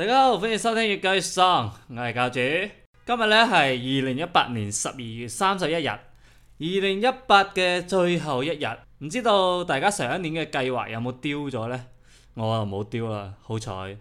大家好，歡迎收聽《粵計 song》，我係教主。今日咧係二零一八年十二月三十一日，二零一八嘅最後一日。唔知道大家上一年嘅計劃有冇丟咗呢？我又冇丟啦，好彩，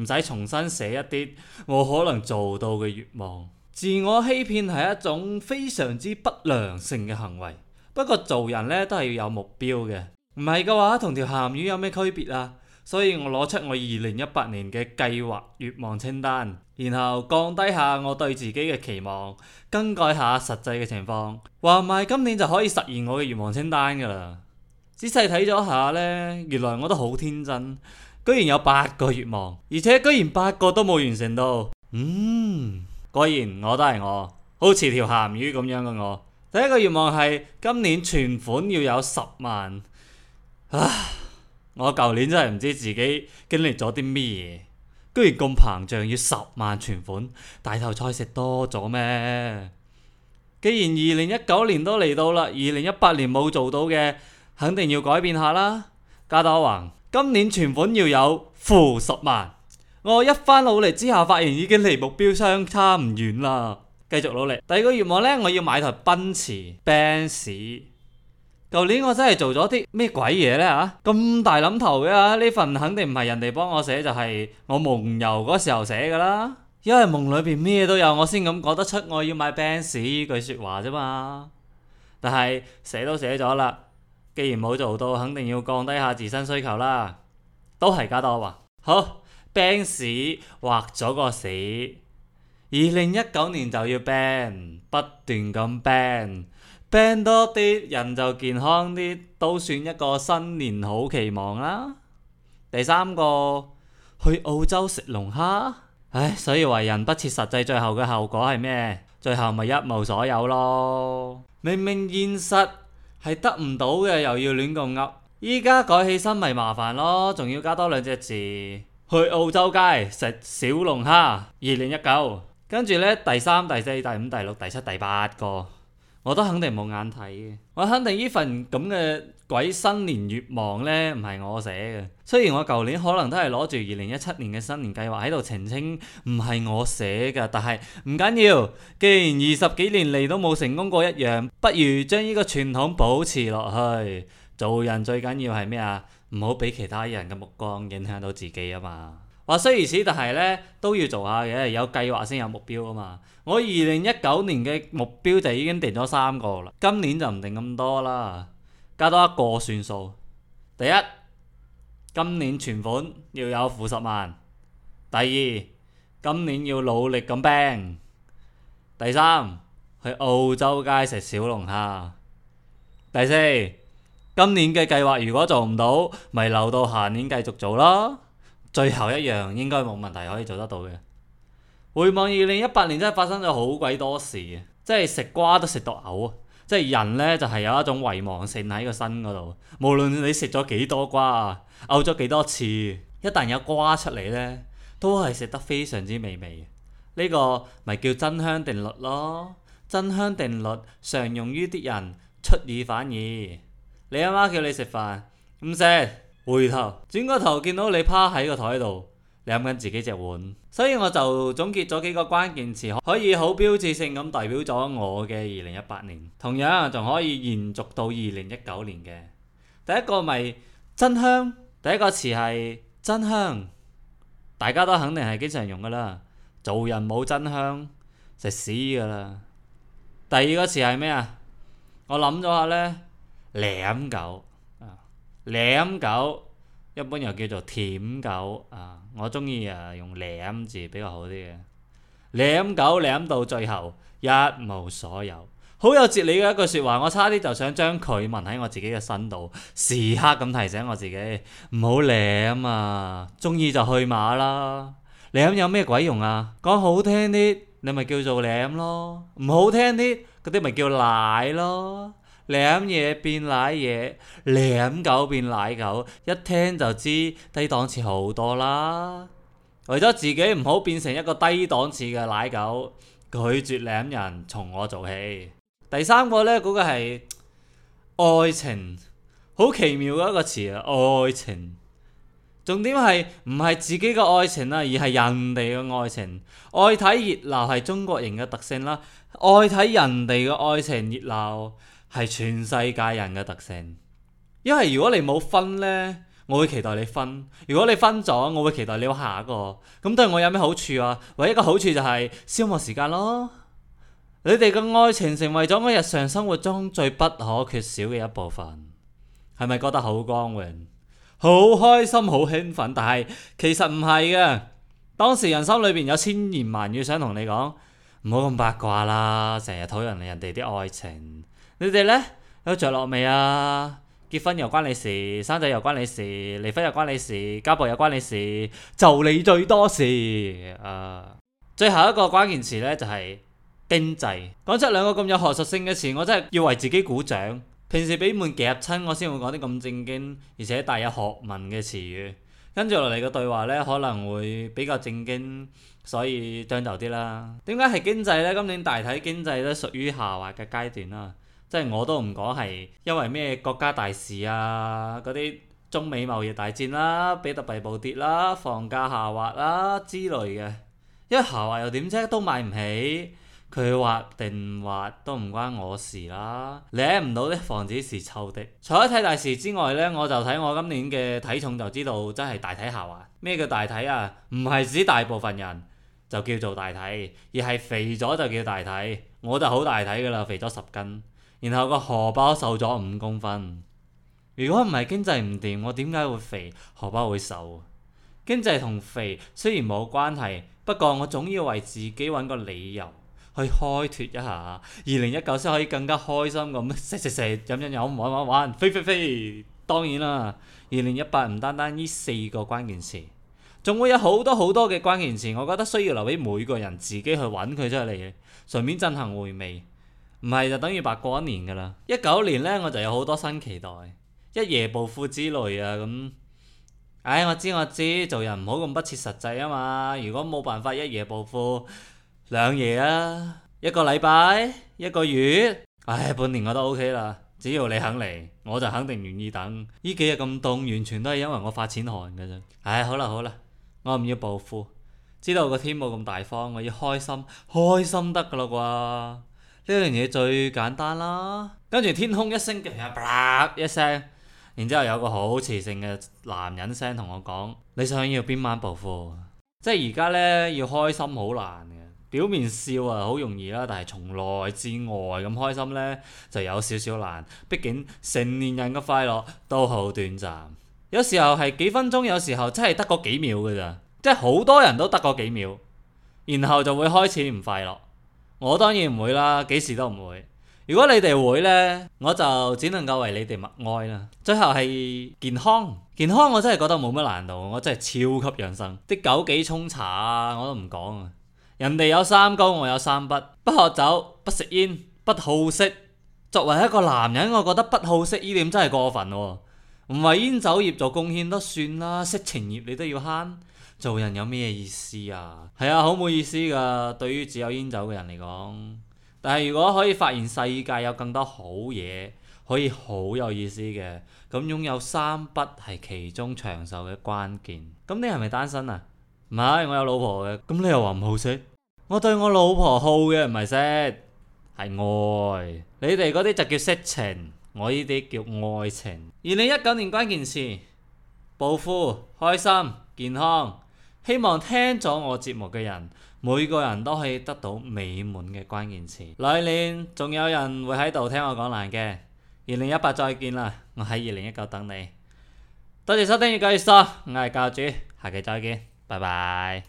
唔使重新寫一啲我可能做到嘅願望。自我欺騙係一種非常之不良性嘅行為。不過做人咧都係要有目標嘅，唔係嘅話同條鹹魚有咩區別啊？所以我攞出我二零一八年嘅計劃願望清單，然後降低下我對自己嘅期望，更改下實際嘅情況，話唔係今年就可以實現我嘅願望清單噶啦。仔細睇咗下呢，原來我都好天真，居然有八個願望，而且居然八個都冇完成到。嗯，果然我都係我，好似條咸魚咁樣嘅我。第一個願望係今年存款要有十萬，啊！我舊年真係唔知自己經歷咗啲咩，嘢，居然咁膨脹，要十萬存款，大頭菜食多咗咩？既然二零一九年都嚟到啦，二零一八年冇做到嘅，肯定要改變下啦。加多云，今年存款要有負十萬。我一番努力之下發現已經離目標相差唔遠啦，繼續努力。第二個願望咧，我要買台奔馳，奔馳。舊年我真係做咗啲咩鬼嘢呢？嚇、啊，咁大諗頭嘅呢份肯定唔係人哋幫我寫，就係、是、我夢遊嗰時候寫噶啦，因為夢裏邊咩都有，我先咁講得出我要買 Banksy 呢句説話啫嘛。但係寫都寫咗啦，既然冇做到，肯定要降低下自身需求啦，都係加多話。好，Banksy 畫咗個屎，二零一九年就要 ban，不斷咁 ban。病多啲，人就健康啲，都算一個新年好期望啦。第三個去澳洲食龍蝦，唉，所以為人不切實際，最後嘅後果係咩？最後咪一無所有咯。明明現實係得唔到嘅，又要亂咁噏，依家改起身咪麻煩咯，仲要加多兩隻字，去澳洲街食小龍蝦，二零一九。跟住呢，第三、第四、第五、第六、第七、第八個。我都肯定冇眼睇嘅，我肯定呢份咁嘅鬼新年願望咧唔係我寫嘅。雖然我舊年可能都係攞住二零一七年嘅新年計劃喺度澄清唔係我寫嘅，但係唔緊要。既然二十幾年嚟都冇成功過一樣，不如將呢個傳統保持落去。做人最緊要係咩啊？唔好俾其他人嘅目光影響到自己啊嘛。話雖如此，但係咧都要做下嘅，有計劃先有目標啊嘛！我二零一九年嘅目標就已經定咗三個啦，今年就唔定咁多啦，加多一個算數。第一，今年存款要有負十萬；第二，今年要努力咁掹；第三，去澳洲街食小龍蝦；第四，今年嘅計劃如果做唔到，咪留到下年繼續做咯。最後一樣應該冇問題，可以做得到嘅。回望二零一八年真係發生咗好鬼多事嘅，即係食瓜都食到嘔啊！即係人呢，就係有一種遺忘性喺個身嗰度，無論你食咗幾多瓜啊，嘔咗幾多次，一旦有瓜出嚟呢，都係食得非常之美味。呢個咪叫真香定律咯！真香定律常用於啲人出爾反爾。你阿媽叫你食飯唔食。回頭轉個頭見到你趴喺個台度，舐緊自己隻碗，所以我就總結咗幾個關鍵詞，可以好標誌性咁代表咗我嘅二零一八年，同樣仲可以延續到二零一九年嘅。第一個咪、就是、真香，第一個詞係真香，大家都肯定係經常用噶啦，做人冇真香，食屎噶啦。第二個詞係咩啊？我諗咗下呢，舐狗。舐狗一般又叫做舔狗啊，我中意啊用舐字比較好啲嘅。舐狗舐到最後一無所有，好有哲理嘅一句説話，我差啲就想將佢紋喺我自己嘅身度，時刻咁提醒我自己唔好舐啊！中意就去馬啦，舐有咩鬼用啊？講好聽啲，你咪叫做舐咯；唔好聽啲，嗰啲咪叫奶咯。舐嘢變奶嘢，舐狗變奶狗，一聽就知低檔次好多啦。為咗自己唔好變成一個低檔次嘅奶狗，拒絕舐人，從我做起。第三個呢，嗰個係愛情，好奇妙嘅一個詞啊！愛情重點係唔係自己嘅愛情啦，而係人哋嘅愛情。愛睇熱鬧係中國人嘅特性啦，愛睇人哋嘅愛情熱鬧。係全世界人嘅特性，因為如果你冇分呢，我會期待你分；如果你分咗，我會期待你下一個。咁對我有咩好處啊？唯一嘅好處就係消磨時間咯。你哋嘅愛情成為咗我日常生活中最不可缺少嘅一部分，係咪覺得好光榮、好開心、好興奮？但係其實唔係嘅，當事人心裏邊有千言萬語想同你講，唔好咁八卦啦，成日討論人哋啲愛情。你哋呢？有着落未啊？結婚又關你事，生仔又關你事，離婚又關你事，家暴又關你事，就你最多事啊！呃、最後一個關鍵詞呢，就係、是、經濟。講出兩個咁有學術性嘅詞，我真係要為自己鼓掌。平時俾門夾親，我先會講啲咁正經，而且大有學問嘅詞語。跟住落嚟嘅對話呢，可能會比較正經，所以將就啲啦。點解係經濟呢？今年大體經濟都屬於下滑嘅階段啦、啊。即係我都唔講係因為咩國家大事啊，嗰啲中美貿易大戰啦、啊，比特幣暴跌啦、啊，房價下滑啦、啊、之類嘅。一下滑又點啫？都買唔起，佢滑定唔滑都唔關我事啦、啊。領唔到啲房子是臭的。除咗睇大事之外呢，我就睇我今年嘅體重就知道真係大體下滑。咩叫大體啊？唔係指大部分人就叫做大體，而係肥咗就叫大體。我就好大體㗎喇，肥咗十斤。然後個荷包瘦咗五公分，如果唔係經濟唔掂，我點解會肥？荷包會瘦？經濟同肥雖然冇關係，不過我總要為自己揾個理由去開脫一下。二零一九先可以更加開心咁，食食食，飲飲飲，玩玩玩，飛飛飛。當然啦，二零一八唔單單呢四個關鍵詞，仲會有好多好多嘅關鍵詞，我覺得需要留俾每個人自己去揾佢出嚟，順便進行回味。唔係就等於白過一年㗎啦。一九年呢，我就有好多新期待，一夜暴富之類啊咁。唉、嗯哎，我知我知，做人唔好咁不切實際啊嘛。如果冇辦法一夜暴富，兩夜啊，一個禮拜、一個月，唉、哎，半年我都 O K 啦。只要你肯嚟，我就肯定願意等。呢幾日咁凍，完全都係因為我發錢寒㗎啫。唉、哎，好啦好啦，我唔要暴富，知道個天冇咁大方，我要開心，開心得㗎啦啩。呢樣嘢最簡單啦，跟住天空一聲嘅、呃，然後啪一聲，然之後有個好磁性嘅男人聲同我講：你想要邊晚暴富？即係而家呢，要開心好難嘅，表面笑啊好容易啦，但係從內至外咁開心呢，就有少少難。畢竟成年人嘅快樂都好短暫，有時候係幾分鐘，有時候真係得嗰幾秒嘅咋，即係好多人都得嗰幾秒，然後就會開始唔快樂。我當然唔會啦，幾時都唔會。如果你哋會呢，我就只能夠為你哋默哀啦。最後係健康，健康我真係覺得冇乜難度，我真係超級養生。啲枸杞沖茶啊，我都唔講啊。人哋有三高，我有三不：不喝酒、不食煙、不好色。作為一個男人，我覺得不好色呢點真係過分喎、啊。唔為煙酒業做貢獻都算啦，色情業你都要慳。做人有咩意思啊？係啊，好冇意思噶，對於只有煙酒嘅人嚟講。但係如果可以發現世界有更多好嘢，可以好有意思嘅，咁擁有三筆係其中長壽嘅關鍵。咁你係咪單身啊？唔係，我有老婆嘅。咁你又話唔好色？我對我老婆好嘅唔係色，係愛。你哋嗰啲就叫色情，我呢啲叫愛情。二零一九年關鍵詞：暴富、開心、健康。希望聽咗我節目嘅人，每個人都可以得到美滿嘅關鍵詞。來年仲有人會喺度聽我講難嘅。二零一八再見啦，我喺二零一九等你。多謝收聽《越講越多》，我係教主，下期再見，拜拜。